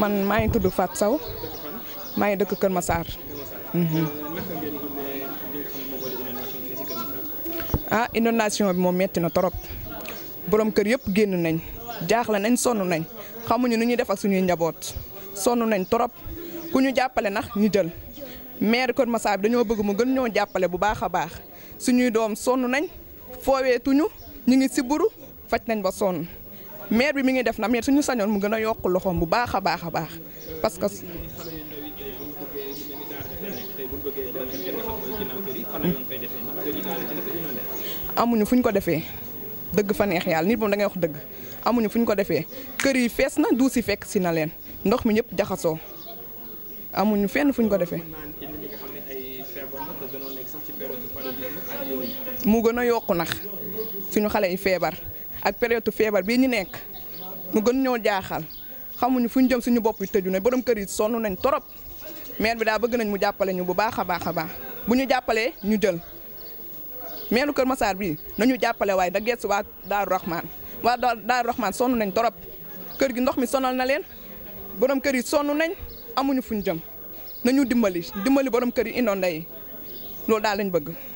man maa ngi tudd Fatou Sow maa ngi dëkk Kër masaar mhm. ah inondation bi moom metti na torop boroom kër yëpp génn nañ jaaxle nañ sonn nañ xamuñu nu ñuy def ak suñuy njaboot sonn nañ torop ku ñu jàppale nax ñu jël maire Kër Massar bi dañoo bëgg mu gën ñoo jàppale bu baax a baax suñuy doom sonn nañ fooweetuñu ñu ngi siburu faj nañ ba sonn. maire bi mi ngi def na mais suñu sañoon mu gën a yokk loxoom bu baax a baax a baax parce que. amuñu fu ñu ko defee dëgg fa neex yàlla nit moom da ngay wax dëgg amuñu fu ñu ko defee kër yi fees na du si fekk si na leen ndox mi ñëpp jaxasoo amuñu fenn fu ñu ko defee. mu gën a yokk nax suñu xale yi feebar. ak période feebar bii ñu nekk mu gën ñoo jaaxal xamuñu fu ñu jëm suñu bopp yi tëju ne borom kër yi sonn nañ torop maire bi daal bëgg nañ mu jàppale ñu bu baax a baax a baax bu ñu jàppalee ñu jël meeru Kër Massar bii nañu jàppale waaye da gees waa Daaru Rahman waa Daaru Rahman sonn nañ torop kër gi ndox mi sonal na leen borom kër yi sonn nañ amuñu fu ñu jëm nañu dimbali dimbali borom kër yi indoon yi loolu daal lañ bëgg